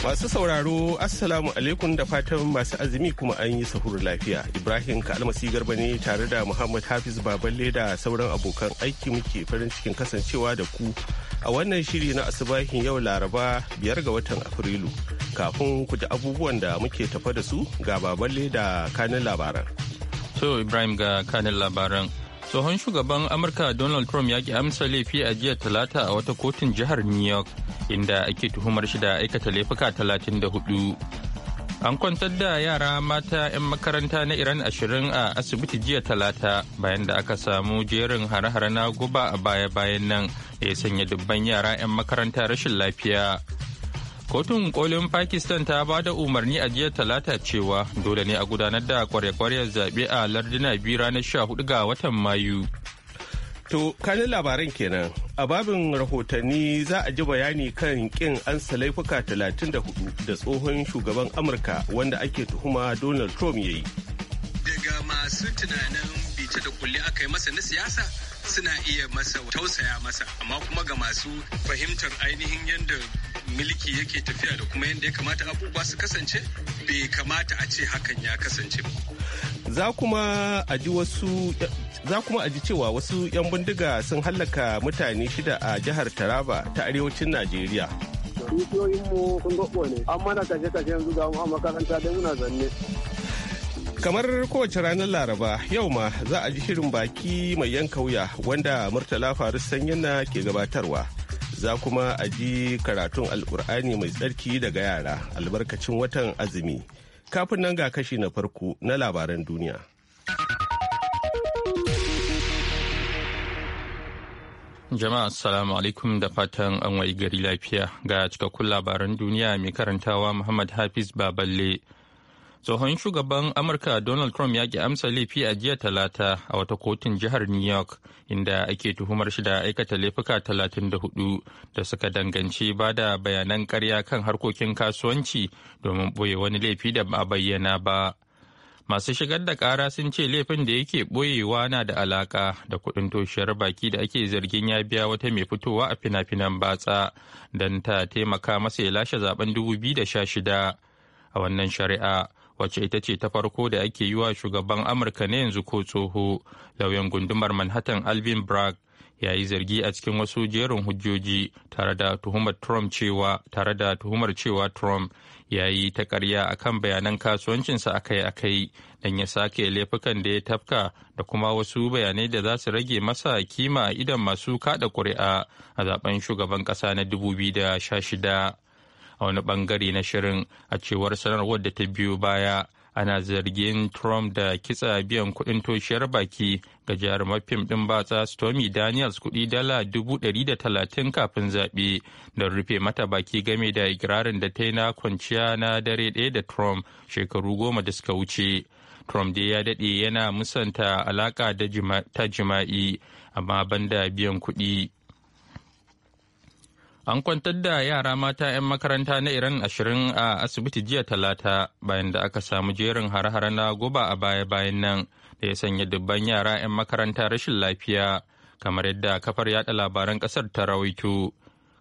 Masu sauraro Assalamu alaikum da fatan masu azumi kuma an yi sahur lafiya. Ibrahim Kalmasi Garba ne tare da Muhammad Hafiz Baballe da sauran abokan aiki muke farin cikin kasancewa da ku a wannan shiri na asibahin yau Laraba biyar ga watan Afrilu. Kafin ku ji abubuwan da muke tafa da su ga Baballe da kanin labaran. So Ibrahim ga kanin labaran tsohon shugaban amurka donald trump ya ki amsa laifi a jiya talata a wata kotun jihar new york inda ake tuhumar shi da aikata laifuka talatin da hudu. an kwantar da yara mata 'yan makaranta na iran ashirin a asibiti jiya talata bayan da aka samu jerin hare-hare na guba a baya-bayan nan da ya sanya dubban yara 'yan makaranta rashin lafiya kotun kolin pakistan ta ba da umarni a jiya talata cewa dole ne a gudanar da kware-kwaryar zaɓe a lardina biyu ranar hudu ga watan mayu To, kanin labaran kenan a babin rahotanni za a ji bayani kan kin an laifuka talatin da hudu da tsohon shugaban Amurka wanda ake tuhuma Donald Trump ya yi. Daga masu tunanin bita da kulli aka yi masa na siyasa suna iya masa tausaya masa amma kuma ga masu fahimtar ainihin yadda mulki yake tafiya da kuma yadda ya kamata abubuwa su kasance bai kamata a ce hakan ya kasance ba. Za kuma a ji wasu Za kuma a ji cewa wasu 'yan bindiga sun hallaka mutane shida a jihar Taraba ta arewacin Najeriya. Dukiyoyinmu sun ne, an mana kashe-kashe yanzu ga makaranta don muna zanne. Kamar kowace ranar Laraba yau ma za a ji shirin baki mai yanka wuya wanda Murtala Faris Sanyina ke gabatarwa. Za kuma a ji karatun Alkur'ani mai tsarki daga yara albarkacin watan azumi. Kafin nan ga kashi na farko na labaran duniya. Jama'a Assalamu alaikum da fatan an wayi gari lafiya ga cikakkun labaran duniya mai karantawa Muhammad Hafiz Baballe. tsohon shugaban amurka donald trump ya ki amsa laifi a jiya talata a wata kotun jihar new york inda ake tuhumar shi da aikata laifuka 34 da suka danganci ba da bayanan karya kan harkokin kasuwanci domin boye wani laifi da ba bayyana ba masu shigar da kara sun ce laifin da yake ɓoyewa na da alaka da kuɗin toshiyar baki da ake zargin ya biya wata mai fitowa a fina-finan batsa don ta taimaka masa ya lashe zaben 2016 a wannan shari'a wacce ita ce ta farko da ake yi wa shugaban amurka na yanzu ko tsoho lauyan gundumar manhattan alvin bragg ya yi zargi a cikin wasu jerin hujjoji tare da tuhumar trump cewa tare da tuhumar cewa trump ya yi ta karya a kan bayanan kasuwancinsa akai-akai don ya sake laifukan da ya tafka da kuma wasu bayanai da za su rage masa kima idan masu kada ƙuri'a a zaben shugaban ƙasa na 2016 a wani bangare na shirin a cewar sanarwar da ta biyo baya ana zargin trump da kitsa biyan kudin toshiyar baki ga jarumar fim din batsa stormy daniels kudi dala talatin kafin zaɓe don rufe mata baki game da ikirarin da ta yi na kwanciya na dare ɗaya da trump shekaru goma da suka wuce trump dai ya daɗe yana musanta alaƙa ta jima'i amma banda biyan kuɗi. An kwantar da yara mata 'yan makaranta na Iran ashirin a asibiti jiya talata bayan da aka samu jerin har-har na guba a baya-bayan nan da ya sanya dubban yara 'yan makaranta rashin lafiya kamar yadda kafar yada labaran kasar ta rawaito.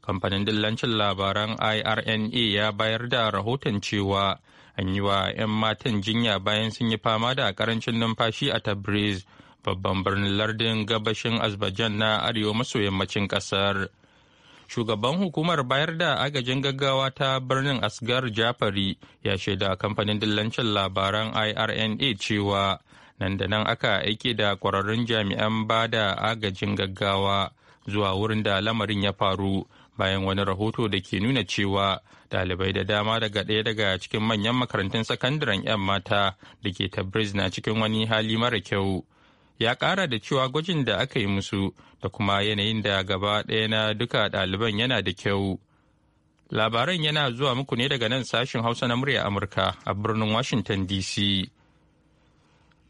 Kamfanin dillancin labaran IRNA ya bayar da rahoton cewa an yi wa 'yan matan jinya bayan sun yi fama da karancin numfashi a Tabriz, babban birnin lardin gabashin Azerbaijan na arewa maso yammacin kasar. shugaban hukumar bayar da agajin gaggawa ta birnin asgar jafari ya shaida kamfanin dillancin labaran irna cewa nan da nan aka aike da kwararrun jami'an ba da agajin gaggawa zuwa wurin da lamarin ya faru bayan wani rahoto da ke nuna cewa dalibai da dama daga ɗaya daga cikin manyan makarantun sakandaren 'yan mata da ke tabriz na cikin wani hali mara kyau. ya kara da cewa gwajin da aka yi musu da kuma yanayin da gaba ɗaya na duka ɗaliban yana da kyau labaran yana zuwa muku ne daga nan sashin hausa na murya amurka a birnin washington dc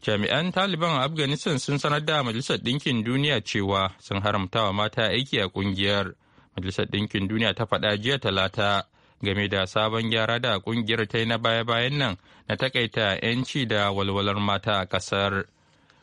jami'an taliban a afghanistan sun sanar da majalisar ɗinkin duniya cewa sun haramtawa mata aiki a ƙungiyar majalisar ɗinkin duniya ta faɗa jiya talata game da sabon gyara da ƙungiyar ta yi na baya-bayan nan na takaita 'yanci da walwalar mata a ƙasar.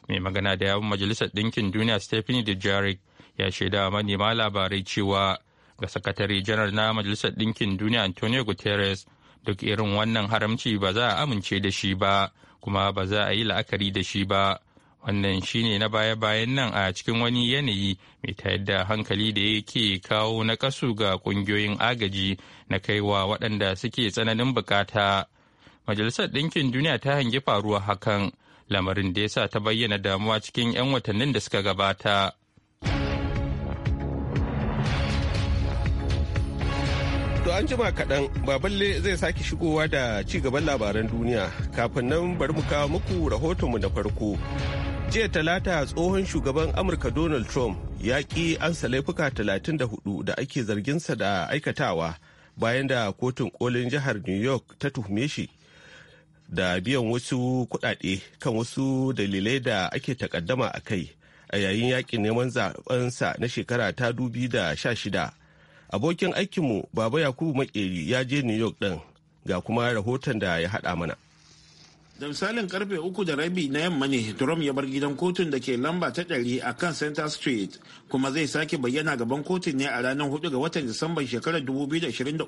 mai magana da yawun majalisar ɗinkin duniya stephanie dujarric ya shaida manema labarai cewa ga sakatare janar na majalisar ɗinkin duniya antonio guterres duk irin wannan haramci ba za a amince da shi ba kuma ba za a yi la'akari da shi ba wannan shine na baya-bayan nan a cikin wani yanayi mai tayar da hankali da yake kawo na kasu ga kungiyoyin agaji na kaiwa waɗanda suke tsananin bukata majalisar ɗinkin duniya ta hangi faruwa hakan lamarin da ya sa ta bayyana damuwa cikin 'yan watannin da suka gabata. To an jima kaɗan baballe zai sake shigowa da ci gaban labaran duniya kafin nan bari mu kawo muku rahotonmu na farko. Jiya talata tsohon shugaban Amurka Donald Trump ya ƙi ansa laifuka 34 da ake zarginsa da aikatawa bayan da kotun kolin jihar New York ta tuhume shi da biyan wasu kuɗaɗe kan wasu dalilai da ake takaddama a kai a yayin yakin neman zaɓensa na shekara ta dubi da sha shida abokin aikinmu baba yakubu makeri ya je new york ɗin ga kuma rahoton da ya haɗa mana da misalin karfe uku da rabi na yamma ne trump ya bar gidan kotun da ke lamba ta ɗari a kan center street kuma zai sake bayyana gaban kotun ne a ranar 4 ga watan disamban shekarar 2023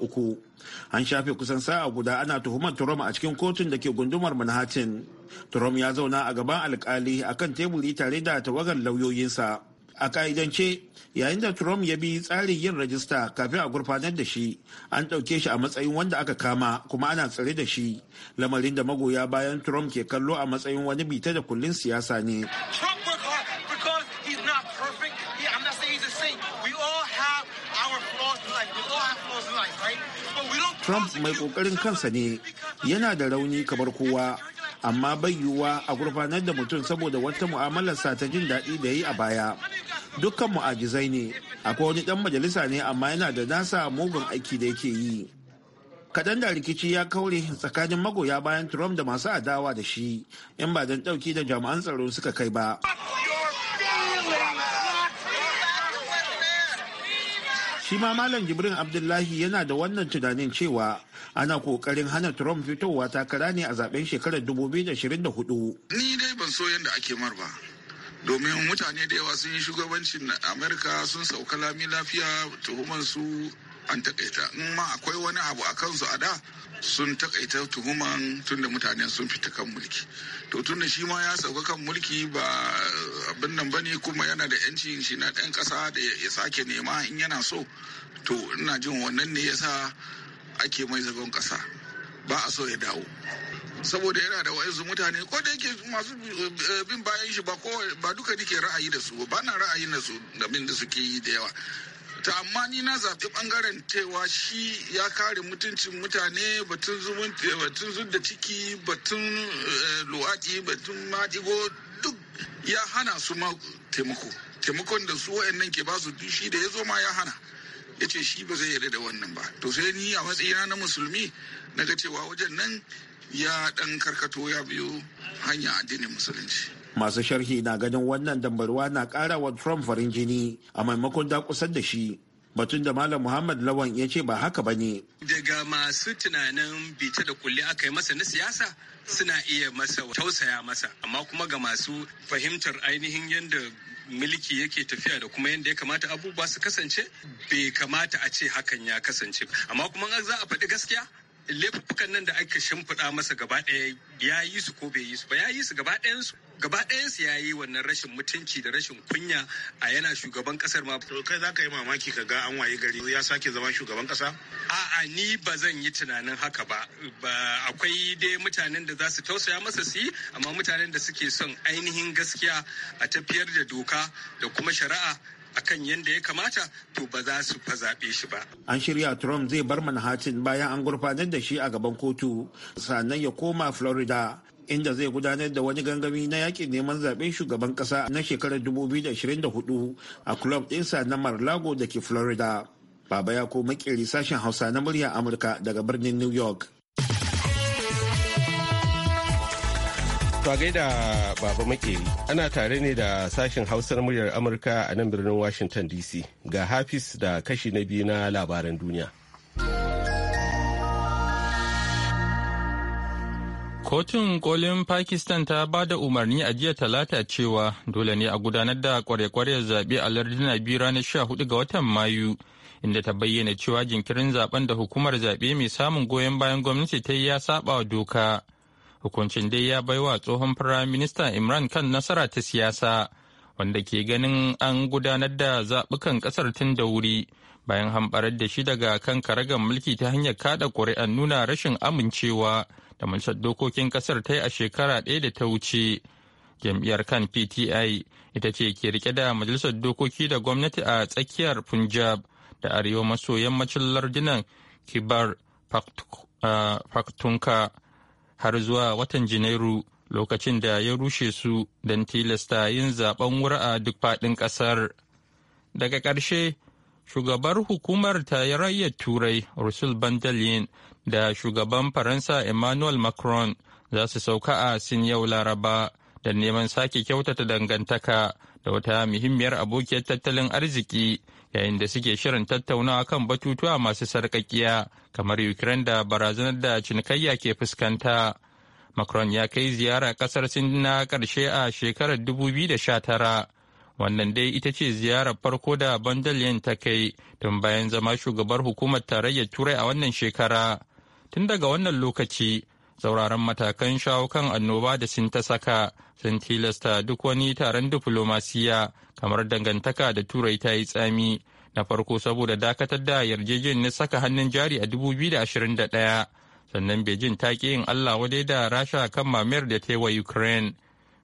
an shafe kusan sa'a guda ana tuhumar trump a cikin kotun da ke gundumar manhattan trump ya zauna a gaban alkali akan teburi tare da tawagar lauyoyinsa a ka'idance yayin da trump ya bi tsarin yin rajista kafin a gurfanar da shi an ɗauke shi a matsayin wanda aka kama kuma ana tsare da shi lamarin da magoya bayan trump ke kallo a matsayin wani bita da kullun siyasa ne Trump mai ƙoƙarin kansa ne yana da rauni kamar kowa amma bai yiwuwa a gurfanar da mutum saboda wata mu'amalarsa ta jin daɗi da yi a baya dukkan mu'ajizai ne akwai wani ɗan majalisa ne amma yana da nasa mugun aiki da yake yi kadan da rikici ya kaure tsakanin magoya bayan trump da masu adawa da shi in ba don ɗauki da jami'an tsaro suka kai ba shi ma malam jibrin abdullahi yana da wannan tunanin cewa ana kokarin hana trump fitowa takara ne a zaben shekarar 2024 ni dai ban so yadda ake mar ba domin mutane da yawa sun yi shugabancin amurka sun sauka lami lafiya tuhumar su an takaita in ma akwai wani abu a kansu a da sun takaita tuhuman da mutane sun fita kan mulki to tunda shi ma ya sauka kan mulki ba abin nan bane kuma yana da yancin shi na ɗan ƙasa da ya sake nema in yana so to ina jin wannan ne yasa ake mai zagon ƙasa ba a so ya dawo saboda yana da wa'azu mutane ko da yake masu eh, bin bayan shi ba duka nike ra'ayi da su ba na ra'ayi da su da suke yi da yawa to amma ni na zaɓi bangaren cewa shi ya kare mutuncin mutane batun zub da ciki batun eh, luwaɗi batun maɗigo duk ya hana su ma taimako taimakon da su nan ke ba su dushi da ya zo ma ya hana ya ce shi ba zai yarda da wannan ba to sai ni a matsayina na musulmi na ga cewa wajen nan ya ɗan karkato ya biyo hanya addinin musulunci masu sharhi na ganin wannan dambarwa na kara wa trump farin jini a maimakon dakusar da shi batun da malam muhammad lawan ya ce ba haka ba ne daga masu tunanin bita da kulle aka yi masa na siyasa suna iya masa tausaya masa amma kuma ga masu fahimtar ainihin yadda miliki yake tafiya da kuma yadda ya kamata abubuwa su kasance bai kamata a ce hakan ya kasance amma kuma za a faɗi gaskiya laifukan nan da aka shimfiɗa masa gaba ɗaya ya yi su ko bai yi su ba ya yi su gaba ɗayansu gaba ɗayansu ya yi wannan rashin mutunci da rashin kunya a yana shugaban kasar ma. To kai za ka yi mamaki ka ga an wayi gari ya sake zama shugaban kasa? A'a ni ba zan yi tunanin haka ba. ba akwai dai mutanen da za su tausaya masa su yi amma mutanen da suke son ainihin gaskiya a tafiyar da doka da kuma shari'a akan yadda ya kamata to ba za su fa zaɓe shi ba. An shirya Trump zai bar Manhattan bayan an gurfanar da shi a gaban kotu sannan ya koma Florida inda zai gudanar da wani gangami na yakin neman zaɓen shugaban ƙasa na shekarar 2024 a club ɗinsa na Mar-Lago da ke Florida. Baba ya ko makeri sashen Hausa na murya Amurka daga birnin New York. To gaida baba makeri ana tare ne da sashen hausar muryar Amurka a nan birnin Washington DC ga Hafiz da kashi na biyu na labaran duniya. Kotun kolin Pakistan ta ba da umarni a jiya talata cewa dole ne a gudanar da kware-kware zaɓe a lardina biyu ranar sha hudu ga watan Mayu. inda ta bayyana cewa jinkirin zaben da hukumar zaɓe mai samun goyon bayan gwamnati ta yi ya saba wa doka Hukuncin dai ya bai wa tsohon Firaminista Imran kan nasara ta siyasa, wanda ke ganin an gudanar da zaɓukan ƙasar tun da wuri bayan hamɓarar da shi daga kan karagar mulki ta hanyar kaɗa ƙuri'an nuna rashin amincewa da majalisar dokokin ƙasar ta yi a shekara ɗaya da ta wuce. Jam'iyyar kan PTI ita ce ke rike da majalisar dokoki da gwamnati a tsakiyar Punjab da arewa maso yammacin lardunan Kibar Paktunka. Uh, har zuwa watan Janairu lokacin da ya rushe su don tilasta yin zaben wura'a duk faɗin ƙasar. Daga ƙarshe, shugabar hukumar tarayyar Turai rusul von da shugaban Faransa Emmanuel Macron za su sauka a Sin yau Laraba da neman sake kyautata dangantaka da wata muhimmiyar abokiyar tattalin arziki yayin da suke shirin tattaunawa kan batutuwa masu sarƙaƙiya kamar ukraine da barazanar da cinikayya ke fuskanta macron ya kai ziyara ƙasar sin na ƙarshe a shekarar 2019 wannan dai ita ce ziyarar farko da bandalin ta kai tun bayan zama shugabar hukumar tarayyar turai a wannan shekara tun daga wannan lokaci sauraron matakan shawo kan annoba da sun ta saka sun tilasta duk wani taron diflomasiya kamar dangantaka da turai ta yi tsami na farko saboda dakatar da na saka hannun jari a 2021 sannan beijing ta ki yin allah wadai da rasha kan mamayar da ta yi wa ukraine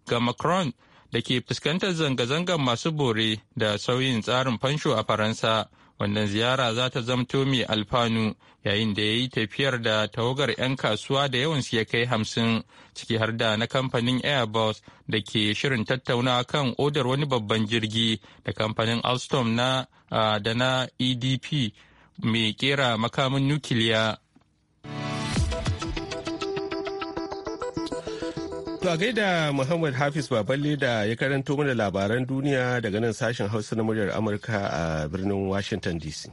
ga macron da ke fuskantar zanga-zangar masu bore da sauyin tsarin fansho a faransa wannan ziyara za ta zamto mai alfanu yayin da ya yi tafiyar da tawagar 'yan kasuwa da yawan su ya kai hamsin ciki har da na kamfanin airbus da ke shirin tattauna kan odar wani babban jirgi da kamfanin alstom na da na edp mai kera makamin nukiliya To a gaida Muhammad Hafiz Baballe da ya karanto mana labaran duniya daga nan sashen Hausa na muryar Amurka a birnin Washington DC.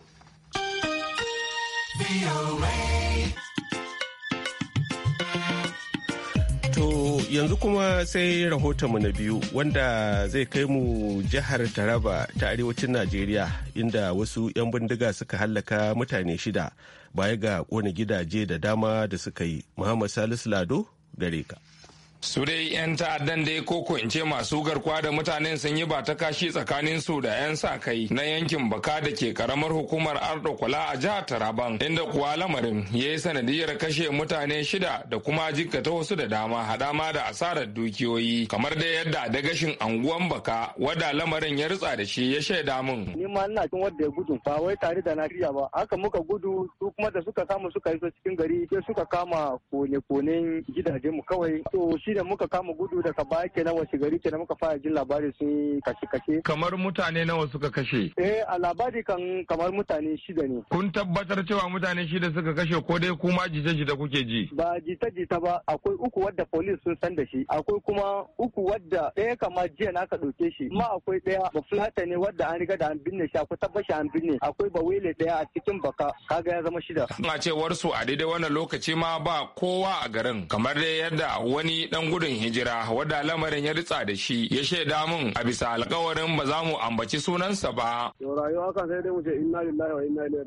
To yanzu kuma sai rahotonmu na biyu wanda zai kai mu jihar Taraba ta arewacin Najeriya inda wasu 'yan bindiga suka hallaka mutane shida baya ga kone gidaje da dama da suka yi. Muhammad Salisu Lado gare ka. su dai 'yan ta'addan dai ko ko in ce masu garkuwa da mutanen sun yi ba ta kashi tsakanin su da 'yan sa kai na yankin baka da ke karamar hukumar ardo kula a jihar taraban inda kuwa lamarin ya yi sanadiyar kashe mutane shida da kuma jikkata wasu da dama hadama ma da asarar dukiyoyi kamar dai yadda dagashin anguwan baka wadda lamarin ya ritsa da shi ya shaida min. ni ma ina cin wadda ya gudu. ba wai tare da Najeriya ba haka muka gudu su kuma da suka samu suka iso cikin gari sai suka kama kone-konen gidaje mu kawai to shi da muka kama gudu daga baya ke kenan wace gari nan, muka fara jin labari sun kashe kashe kamar mutane nawa suka kashe eh a labari kan kamar mutane shida ne kun tabbatar cewa mutane shida suka kashe ko dai kuma jita jita kuke ji ba jita jita ba akwai uku wadda polis sun san da shi akwai kuma uku wadda ɗaya kama jiya na ka ɗauke shi ma akwai ɗaya ba fulata ne wadda an riga da an binne shi akwai tabbashi an binne akwai ba wele ɗaya a cikin baka kaga ya zama shida. Na cewar su a daidai wannan lokaci ma ba kowa a garin kamar dai yadda wani 'yan gudun hijira wadda lamarin ya ritsa da shi ya shaida mun a bisa alkawarin ba za mu ambaci sunansa ba. To rayuwa kan sai dai mu ce inna lillahi wa inna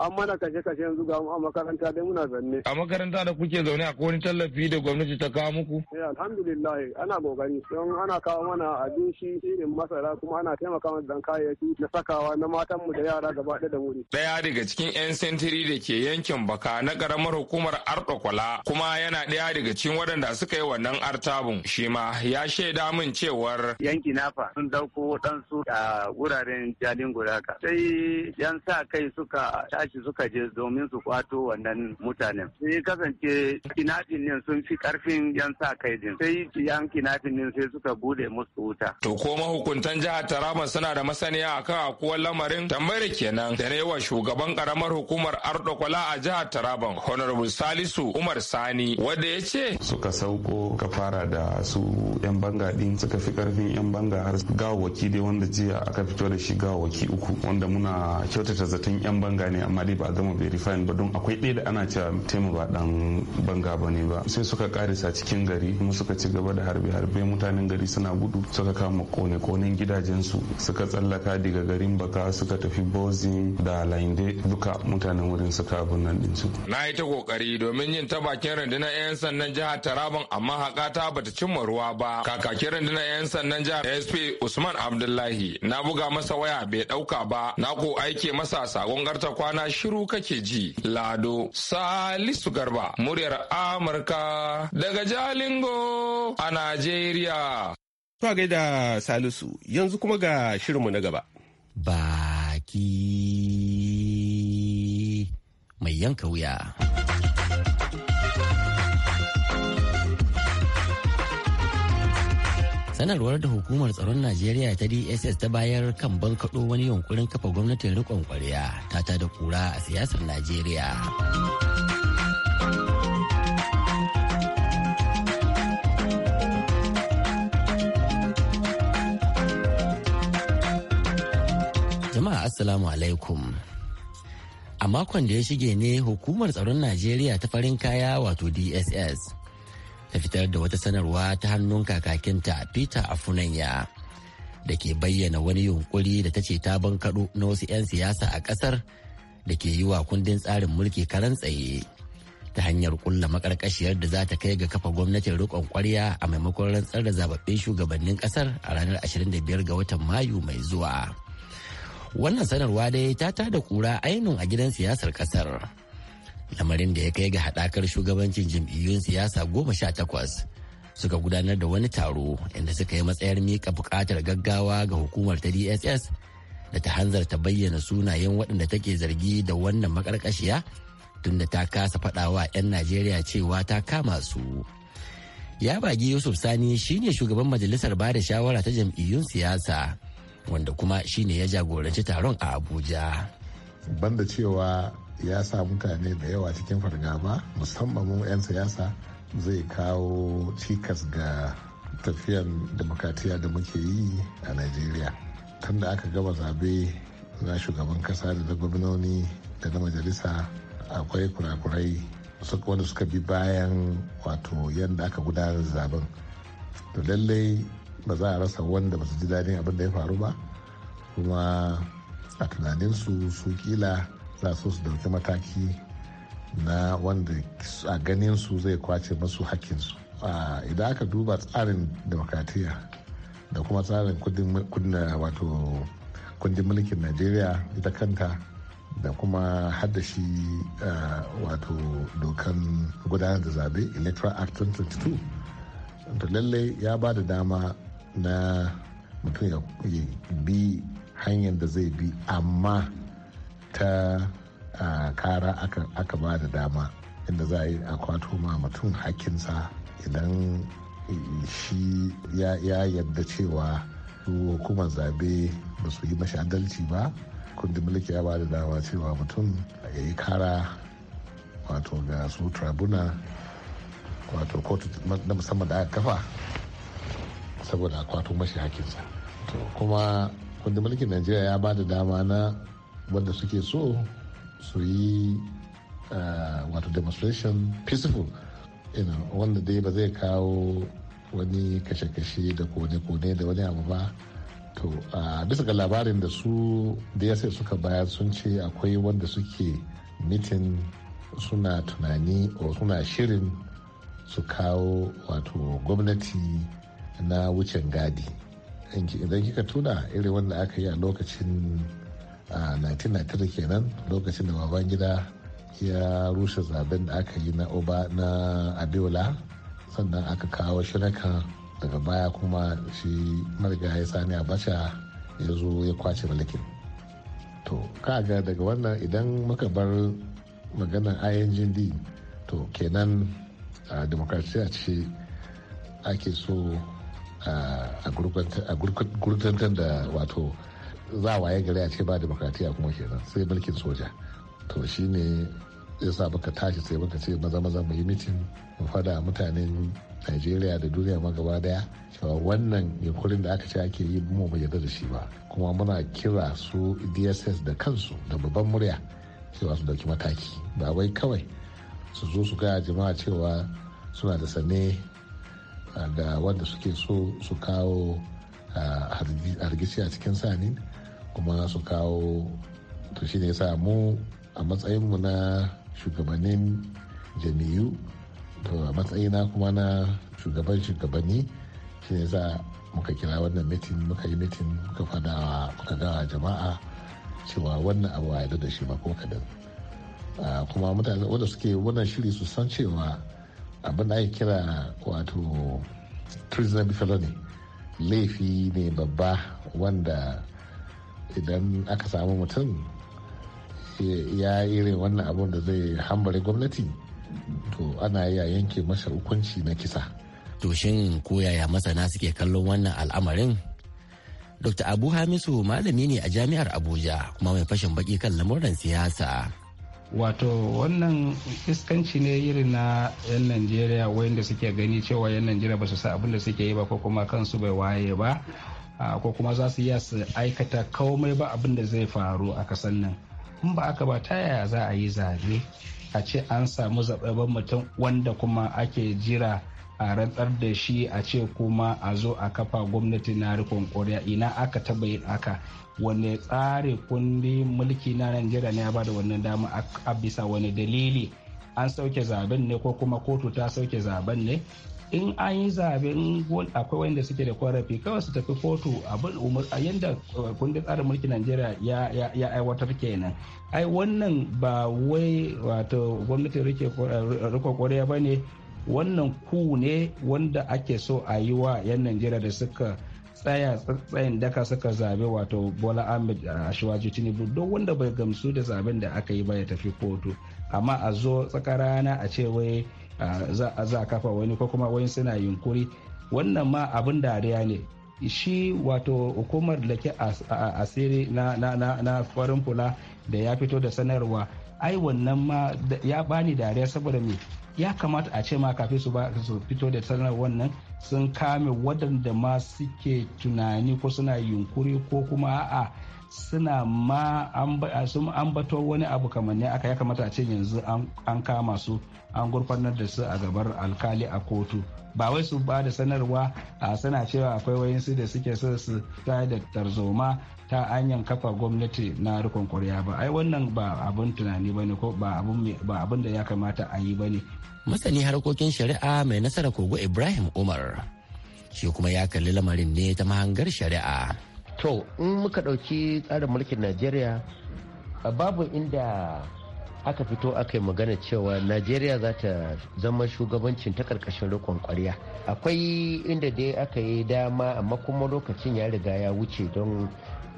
an mana kashe kashe a makaranta da kuke zaune a wani tallafi da gwamnati ta kawo muku? Eh alhamdulillah ana kokari don ana kawo mana abinci irin masara kuma ana taimaka mana dan kayayyaki na sakawa na matan da yara gaba da wuri. Ɗaya daga cikin 'yan sentiri da ke yankin baka na karamar hukumar ardokwala kuma yana ɗaya daga cikin waɗanda suka yi wannan artabun shi ma ya shaida min cewar yanki nafa sun dauko waɗansu a wuraren jalin guraka sai yan sa kai suka tashi suka je domin su kwato wannan mutanen sai kasance kinafin ne sun fi karfin yan sa kai din sai yan kinafin ne sai suka bude musu wuta to ko mahukuntan jihar taraba suna da masaniya akan akuwar lamarin tambayar kenan da na wa shugaban karamar karamar hukumar ardokwala a jihar taraban honorable salisu umar sani wanda ya suka sauko ka fara da su yan banga din suka fi karfin yan banga har waki dai wanda jiya aka fito da shi waki uku wanda muna kyautata zaton yan banga ne amma dai ba gama verifying ba don akwai ɗaya da ana cewa taimu ba dan banga ba ne ba sai suka karisa cikin gari kuma suka ci gaba da harbe-harbe mutanen gari suna gudu suka kama kone-konen gidajensu suka tsallaka daga garin baka suka tafi bozin da lainde duka mutanen wurin suka abin nan din su. Na yi ta kokari domin yin ta bakin rundunar 'yan sandan jihar Taraban amma haƙa ta bata cimma ruwa ba. Kakakin rundunar 'yan sandan jihar SP Usman Abdullahi na buga masa waya bai ɗauka ba na ko aike masa sakon karta kwana shiru kake ji. Lado Salisu Garba muryar Amurka daga Jalingo a Najeriya. To da Salisu yanzu kuma ga shirinmu na gaba. Baki mai yanka wuya. sanarwar da hukumar tsaron najeriya ta dss ta bayar kan bankaɗo wani yunkurin kafa gwamnatin rikon kwarya ta ta da kura a siyasar najeriya jama'a assalamu alaikum a makon da ya shige ne hukumar tsaron najeriya ta farin kaya wato dss ta fitar da wata sanarwa ta hannun kakakinta peter afunanya da ke bayyana wani yunkuri da ta ce ta bankaɗo na wasu 'yan siyasa a ƙasar da ke yi wa kundin tsarin mulki karan tsaye ta hanyar kulla makarkashiyar da za ta kai ga kafa gwamnatin rikon kwarya a maimakon rantsar da zababbin shugabannin kasar a ranar 25 ga watan mayu mai zuwa wannan sanarwa dai ta da kura ainihin a gidan siyasar kasar lamarin da ya kai ga haɗakar shugabancin jam'iyyun siyasa goma sha takwas suka gudanar da wani taro inda suka yi matsayar mika bukatar gaggawa ga hukumar ta dss da ta hanzarta bayyana sunayen waɗanda take zargi da wannan tun da ta kasa faɗawa 'yan najeriya cewa ta kama su ya bagi yusuf sani shine shugaban majalisar bada shawara ta jam'iyyun siyasa wanda kuma shine ya jagoranci taron a abuja banda cewa ya sa mutane da yawa cikin fargaba musamman mu 'yan siyasa zai kawo cikas ga tafiyan demokratiya da muke yi a nigeria tun da aka gaba zabe na shugaban kasa da na gwamnoni da na majalisa akwai kurakurai wanda suka bi bayan wato yadda aka gudanar zaben to lallai ba za a rasa wanda ba su ji daɗin abin da ya faru ba kuma a tunaninsu su kila za su su dauki mataki na wanda a ganin su zai kwace masu hakkinsu idan aka duba tsarin demokratiya da kuma tsarin kundin mulkin najeriya ita kanta da kuma haddashi wato dokan gudanar da zabe electoral act 2022 to lallai ya ba da dama na mutum ya bi hanyar da zai bi amma ta kara aka ba da dama inda za a yi akwato ma mutum hakinsa idan shi ya yarda cewa hukumar zabe ba su yi mashi adalci ba kundin mulki ya ba da dama cewa mutum ya yi kara wato ga su tribuna wato kotu na musamman da aka kafa saboda kwato mashi hakinsa to kuma kundin mulkin najeriya ya ba da dama na wanda suke so su yi eh, wato demonstration peaceful wanda dai ba zai kawo wani kashe-kashe da kone-kone da wani abu ba to a bisa ga labarin da su da ya sai suka bayar sun ce akwai wanda suke mitin suna tunani o suna shirin su kawo wato gwamnati na wucin gadi idan kika tuna irin wanda aka yi a lokacin 1993 kenan lokacin da baban gida ya rushe zaben da aka yi na oba na abiola sannan aka kawo shiraka daga baya kuma shi marigayi sani abacha ya zo ya kwace mulkin to kaga daga wannan idan muka bar maganar ingd to kenan a demokrasiya ce ake so a gurgantar da wato za a waye gari a ce ba demokratiya kuma kenan sai mulkin soja to shi ne ya sa baka tashi sai baka ce maza maza mu yi mitin mu fada mutanen najeriya da duniya ma gaba daya cewa wannan yunkurin da aka ce ake yi mu mu yarda da shi ba kuma muna kira su dss da kansu da babban murya cewa su dauki mataki ba wai kawai su zo su gaya jama'a cewa suna da sane da wanda suke so su kawo hargitsi a cikin sani kuma su kawo to shi ne mu a matsayinmu na shugabannin jami'u to a matsayina kuma na shugaban shugabanni shi ne muka kira wannan mitin muka yi mitin muka fadawa muka gawa jama'a cewa wannan abu a yadda da shi ba ko kadan kuma mutane wanda suke wannan shiri su san cewa abin da ake kira wato treasonable felony laifi ne babba wanda idan aka samu mutum ya irin wannan abun da zai hambare gwamnati to ana iya yanke masa hukunci na kisa to shin koyaya masana suke kallon wannan al'amarin dr abu hamisu malami ne a jami'ar abuja kuma mai fashin baki kan lamuran siyasa wato wannan iskanci ne irin na 'yan najeriya wayanda suke gani cewa 'yan najeriya ba su sa abin da suke yi ba ko kuma kansu bai waye ba ko kuma za su iya su aikata komai ba abin da zai faru a kasan nan in ba aka ba ta yaya za a yi zabe a ce an samu zaɓaɓɓen mutum wanda kuma ake jira a rantsar da shi a ce kuma a zo a kafa gwamnati na rikon koriya ina aka taba yin aka wanne tsari kundi mulki na najeriya ne ya bada wannan dama a bisa wani dalili an sauke zaben ne ko kuma kotu ta sauke zaben ne in an yi zaben akwai wanda suke da kwarafi kawai su tafi kotu abin umar a yadda eh, kundin tsarin mulkin najeriya ya aiwatar kenan ai wannan ba wai wato gwamnatin eh, rikon koriya ba ne wannan ku ne wanda ake so a yi wa 'yan najeriya da suka tsaya tsayin daka suka zabe wato bola ahmed a ah, shiwaji tinubu duk wanda bai gamsu da zaben da aka yi ba ya tafi kotu amma a zo tsakarana a ce wai ah, za a kafa wani ko kuma wani suna yunkuri wannan ma abin dariya ne shi wato hukumar da ke asiri na farin fula da ya fito da sanarwa ai wannan ma ya bani dariya saboda me ya kamata a ce ma kafin su fito da sanarwar wannan sun kame waɗanda ma suke tunani ko suna yunkuri ko kuma a'a suna ma sun ambato wani abu kamar ne aka ya kamata a ce yanzu an kama su an gurfanar da su a gabar alkali a kotu ba wai su ba da sanarwa a sana cewa akwai su da suke so su ta da tarzoma ta hanyar kafa gwamnati na rikon kwarya ba ai wannan ba abun tunani ba ne ko ba abin da ya kamata a yi ba ne masani harkokin shari'a mai nasara kogo ibrahim umar shi kuma ya kalli lamarin ne ta mahangar shari'a to in muka ɗauki tsarin mulkin najeriya babu inda aka fito aka yi magana cewa najeriya za ta zama shugabancin ta karkashin rikon kwarya akwai inda dai aka yi dama amma kuma lokacin ya riga ya wuce don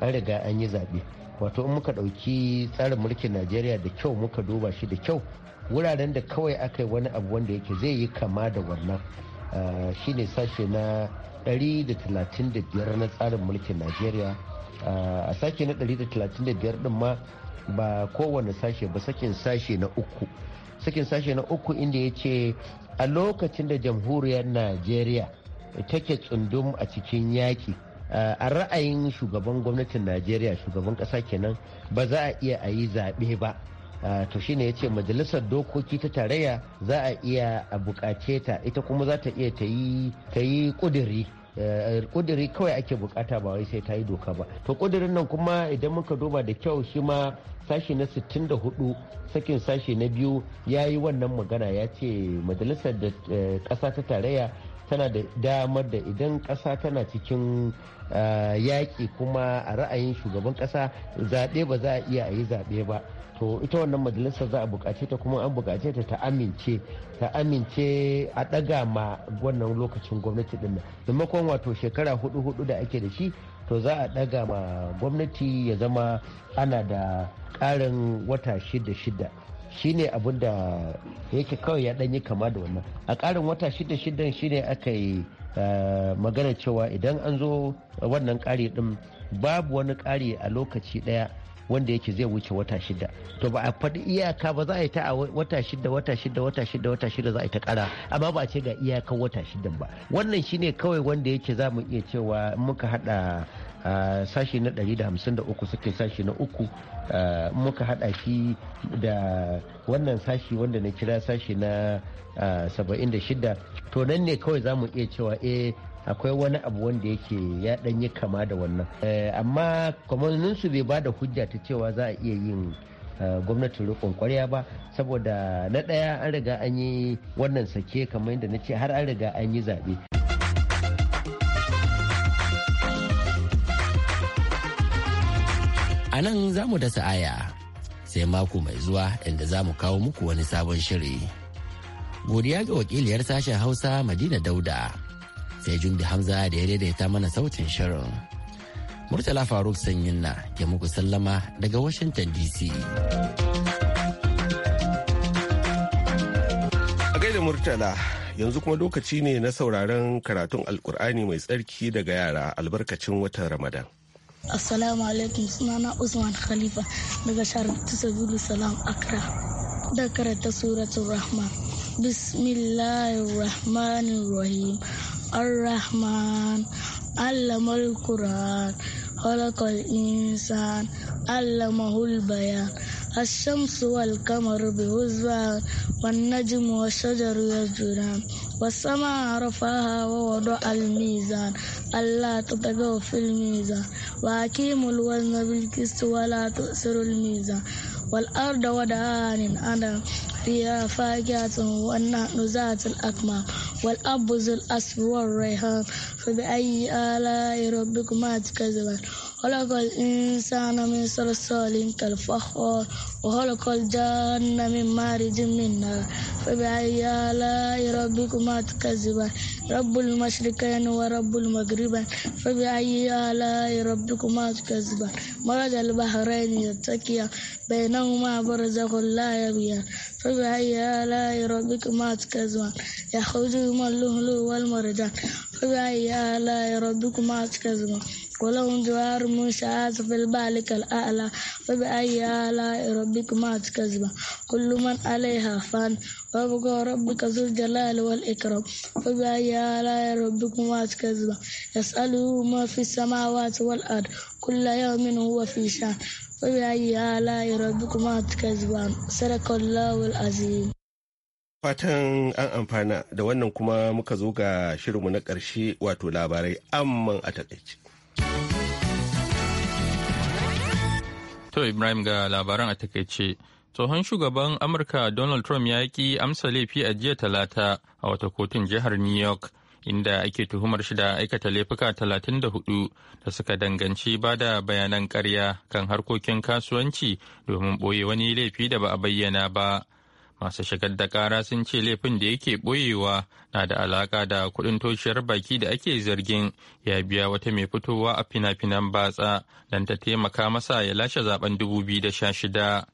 an riga an yi zaɓe wato in muka ɗauki tsarin mulkin najeriya da kyau muka duba shi da kyau wuraren da kawai aka yi wani abu wanda yake zai yi kama da wannan ah, shine sashe na 135 na tsarin mulkin najeriya a sashe na 135 din ma ba kowane sashe ba sakin sashe na uku sakin sashe na uku inda ya ce a lokacin da jamhuriyar najeriya take tsundum a cikin yaki a ra'ayin shugaban gwamnatin najeriya shugaban kasa kenan ba za a iya a yi zaɓe ba to shine ya ce majalisar dokoki ta tarayya za a iya a bukace ta ita kuma za ta iya ta yi ƙudiri Eh, eh, kudiri kawai ake bukata ba wai sai ta yi doka ba to kudirin nan kuma idan muka duba da kyau shi ma sashi na 64 sakin sashi na biyu ya yi wannan magana ya ce majalisar da eh, ƙasa ta tarayya tana da damar da idan ƙasa tana cikin ah, yaƙi kuma a ra'ayin shugaban ƙasa zaɓe ba za a iya a yi zaɓe ba to ita wannan majalisa za a buƙace ta kuma an buƙace ta ta amince ta amince a ɗaga ma wannan lokacin gwamnati ɗin maimakon wato shekara hudu hudu da ake da shi to za a ɗaga ma gwamnati ya zama ana da ƙarin wata shida shida shine abin da yake kawai ya ɗanyi kama da wannan a karin wata shida shidan shine aka yi eh, magana cewa idan an zo wannan kari ɗin babu wani kari a lokaci ɗaya wanda yake zai wuce wata shida to ba a faɗi iyaka ba za a yi ta a wata shida wata shida wata shida wata shida za a yi ta ƙara amma ba a ce ga iyakan wata shidan ba wannan shine kawai wanda yake za mu iya cewa muka haɗa sashi na 153 suke sashi na uku muka hada shi da wannan sashi wanda na kira sashi na 76 to nan ne kawai za mu iya cewa eh akwai wani abu wanda yake ya danyi kama da wannan amma kwamaninsu bai ba da hujja ta cewa za a iya yin gwamnatin rikon kwarya ba saboda na ɗaya an riga an yi wannan sake kamar yadda na ce har an riga an yi zaɓe. a nan za mu dasa aya sai mako mai zuwa inda za mu kawo muku wani sabon shiri. Godiya ga wakiliyar sashen Hausa Madina Dauda, sai Jumbi Hamza da ya daidaita mana sautin shirin. Murtala Faruk Sanyin na ke muku sallama daga Washington DC. A gaida Murtala, yanzu kuma lokaci ne na sauraron karatun Alkur'ani mai tsarki daga yara albarkacin watan Ramadan. السلام عليكم أنا عثمان خليفة دقا شارب تسجل السلام أكرا ذكرت سورة الرحمن بسم الله الرحمن الرحيم الرحمن علم القرآن خلق الإنسان علمه البيان الشمس والقمر بهزبان والنجم والشجر يسجدان والسماء رفعها ووضع الميزان ألا تطغوا في الميزان وأقيموا الوزن بالقسط ولا تؤثروا الميزان والأرض وضعها للأنام فيها فاكهة والنحل ذات الأكمام والأب ذو الأسف والريحان فبأي آلاء ربكما تكذبان خلق الإنسان من صلصال كالفخار وخلق الجنة من مارج من نار فبأي آلاء ربكما تكذبان رب المشرقين ورب المغربين فبأي آلاء ربكما تكذبان مرج البحرين يتكيا بينهما برزخ لا يبيان فبأي آلاء ربكما تكذبان يخرج من اللؤلؤ والمرجان فبأي آلاء ربكما تكذبان ولهم جوار منشآت في البالك الأعلى فبأي آلاء ربكما ربك ما كذبا كل من عليها فان وابقى ربك ذو الجلال والإكرام فبأي آلاء ربكما كذبة يسأله ما في السماوات والأرض كل يوم هو في شأن فبأي آلاء ربكما كذبة سرق الله العظيم fatan an amfana da wannan kuma muka zo ga shirinmu na ƙarshe wato labarai amman a taƙaice. Dr. Ibrahim ga labaran a takaice. Tsohon shugaban Amurka Donald Trump ya ki amsa laifi a jiya talata a wata kotun jihar New York. inda ake tuhumar shi da aikata laifuka talatin da suka danganci ba da bayanan karya kan harkokin kasuwanci domin ɓoye wani laifi da ba a bayyana ba masu shigar da kara sun ce laifin da yake boyewa na da alaka da kudin toshiyar baki da ake zargin ya biya wata mai fitowa a fina-finan batsa don ta taimaka masa ya lashe zaben 2016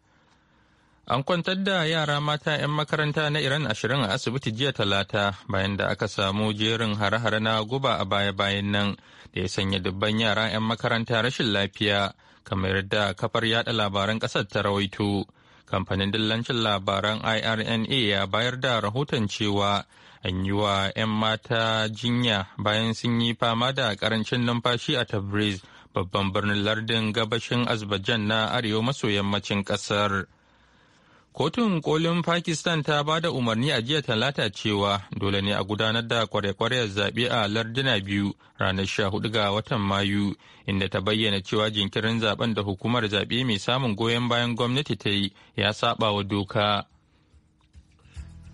an kwantar da yara mata 'yan makaranta na iran ashirin a asibiti jiya talata bayan da aka samu jerin hare-hare na guba a baya-bayan nan da ya sanya dubban yara 'yan makaranta rashin lafiya kamar da kafar yada labaran kasar ta rawaito. kamfanin dillancin labaran irna ya bayar da rahoton cewa an yi wa 'yan mata jinya bayan sun yi fama da karancin numfashi a tabriz babban birnin lardin gabashin azerbaijan na arewa maso yammacin kasar. Kotun kolin Pakistan ta ba da umarni a jiya talata cewa dole ne a gudanar da kware-kwaryar zaɓe a lardina biyu ranar sha hudu ga watan Mayu, inda ta bayyana cewa jinkirin zaben da hukumar zaɓe mai samun goyon bayan gwamnati ta yi ya saɓa wa doka.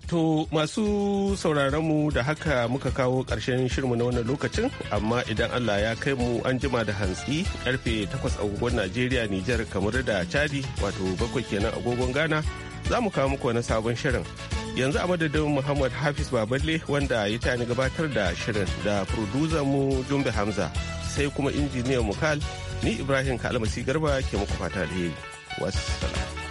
To masu sauraronmu da haka muka kawo ƙarshen shirmu na wannan lokacin amma idan Allah ya kai mu an jima da hantsi karfe 8 agogon Najeriya Nijar kamar da Chadi wato bakwai kenan agogon Ghana za mu kawo muku wani sabon shirin. Yanzu a madadin Muhammad Hafiz Baballe wanda ya tani gabatar da shirin da mu Jumbe Hamza sai kuma injiniyan KAL ni Ibrahim Kalmasi Garba ke muku fata da Wassalam.